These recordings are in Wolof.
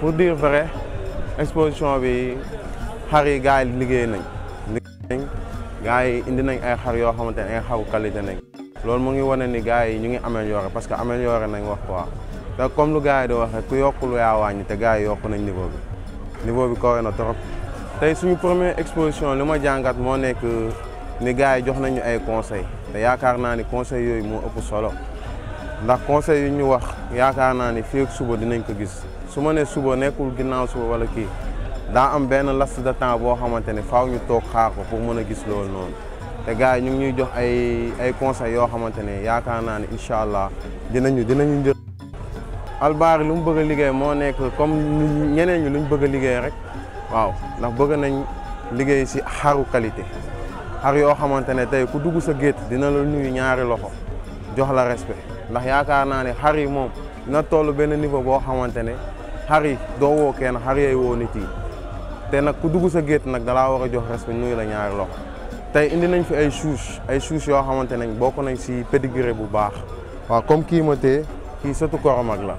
pour diir vrai exposition bi xar yi gars yi liggéey nañ liggéey nañ yi indi nañ ay xar yoo xamante ne ay xaru qualité nañ loolu mu ngi wane ni gars yi ñu ngi amélioré parce que amélioré nañ wax quoi te comme lu gars yi di wax rek ku yokk lu yaa wàññi te gars yi yokk nañ niveau bi niveau bi kawe na trop tey suñu première exposition li ma jàngat moo nekk ni gars yi jox nañu ay conseil te yaakaar naa ni conseil yooyu moo ëpp solo ndax conseil yu ñu wax yaakaar naa ni fii ak suba dinañ ko gis su ma nee suba nekkul ginnaaw suba wala kii daa am benn last de temps boo xamante ne faaw ñu toog xaar ko pour mën a gis loolu noonu te gars yi ñu ngi ñuy jox ay ay conseils yoo xamante ne yaakaar naa ne incha allah dinañu dinañu njëriñ. baar lu mu bëgg a liggéey moo nekk comme ñeneen ñi lu ñu bëgg liggéey rek waaw ndax bëgg nañ liggéey si xaru qualité xar yoo xamante ne tey ku dugg sa gétt dina la nuyu ñaari loxo jox la respect ndax yaakaar naa ne yi moom benn niveau boo xamante ne. xar yi doo woo kenn xar yay woo nit yi te nag ku dugg sa gét nag dalaa war a jox respect nuyu la ñaari loxo tey indi nañ fi ay chouche ay chouche yoo xamante ne ko nañ si pédigré bu baax waaw comme kii ma tee kii sëtu Koromak la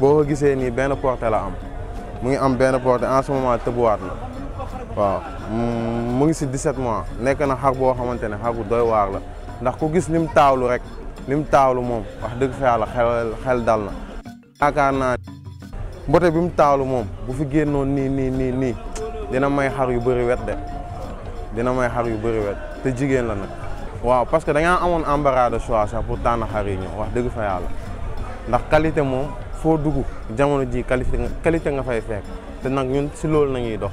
boo ko gisee nii benn portée la am mu ngi am benn portée en ce moment waat na waaw mu ngi si 17 mois nekk na xar boo xamante ne xar bu doy waar la ndax ku gis lim taawlu rek lim taawlu moom wax dëgg fa yàlla xel dal na yaakaar naa mbote bi mu taalu moom bu fi génnoon nii nii nii nii dina may xar yu bëri wet de dina may xar yu bëri wet te jigéen la nag waaw parce que da ngaa amoon embarras de choix sax pour tànn xar yi ñëw wax dëgg fa yàlla ndax qualité moom foo dugg jamono ji qualité qualité nga fay fekk te nag ñun si loolu nañuy dox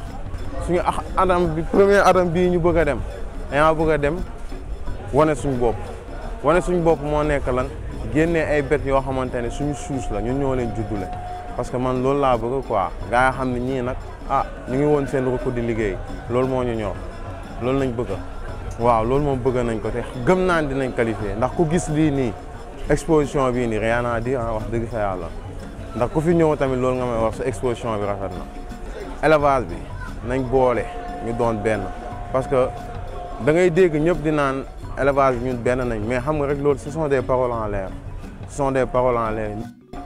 suñu adam bi premier adam bi ñu bëgg a dem dañaa bëgg a dem wane suñu bopp wane suñu bopp moo nekk lan génnee ay bet yoo xamante ne suñu suus la ñun ñoo leen juddule parce que man lool la bëgg quoi gars yi xam ni nak ah ñu ngi woon seen ruq di liggéey lool mo ñu ñor lool lañ bëgg waaw lool moom bëgg nañ ko te gëm naan dinañ qualifier ndax ku gis lii nii exposition bi ni rien à dire hein, wax dëgg sa yàlla ndax ku fi ñëw tamit loolu nga may wax sa exposition bi rafet na élevage bi nañ boole ñu doon benn parce que da ngay dégg ñëpp di naan élevage bi ñun benn nañ mais xam nga rek loolu ce sont des paroles en l'air ce sont des paroles en l'air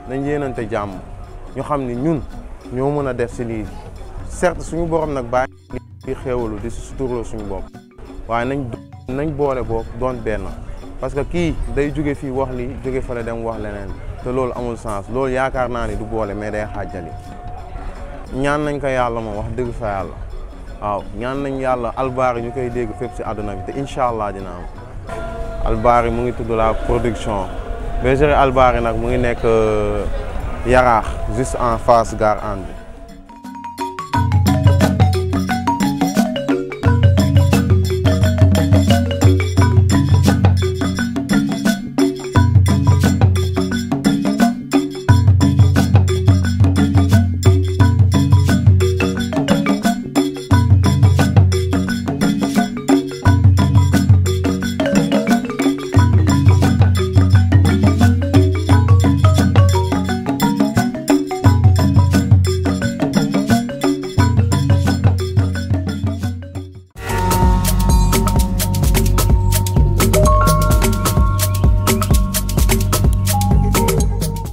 nañ yéenante jàmm ñu xam ni ñun ñoo mën a def si lii certes suñu borom nag bàyyi di xéewalu di suturloo suñu bopp waaye nañ nañ boole boobu doon benn parce que kii day jóge fii wax lii jóge fale dem wax leneen te loolu amul sens loolu yaakaar naa ni du boole mais day xaajali ñaan nañ ko yàlla moom wax dëgg fa yàlla waaw ñaan nañ yàlla albaari ñu koy dégg fépp si àdduna bi te incha dina am albaari mu ngi tudd la production bergerie albaari nag mu ngi nekk Yaraax juste en face gar Anne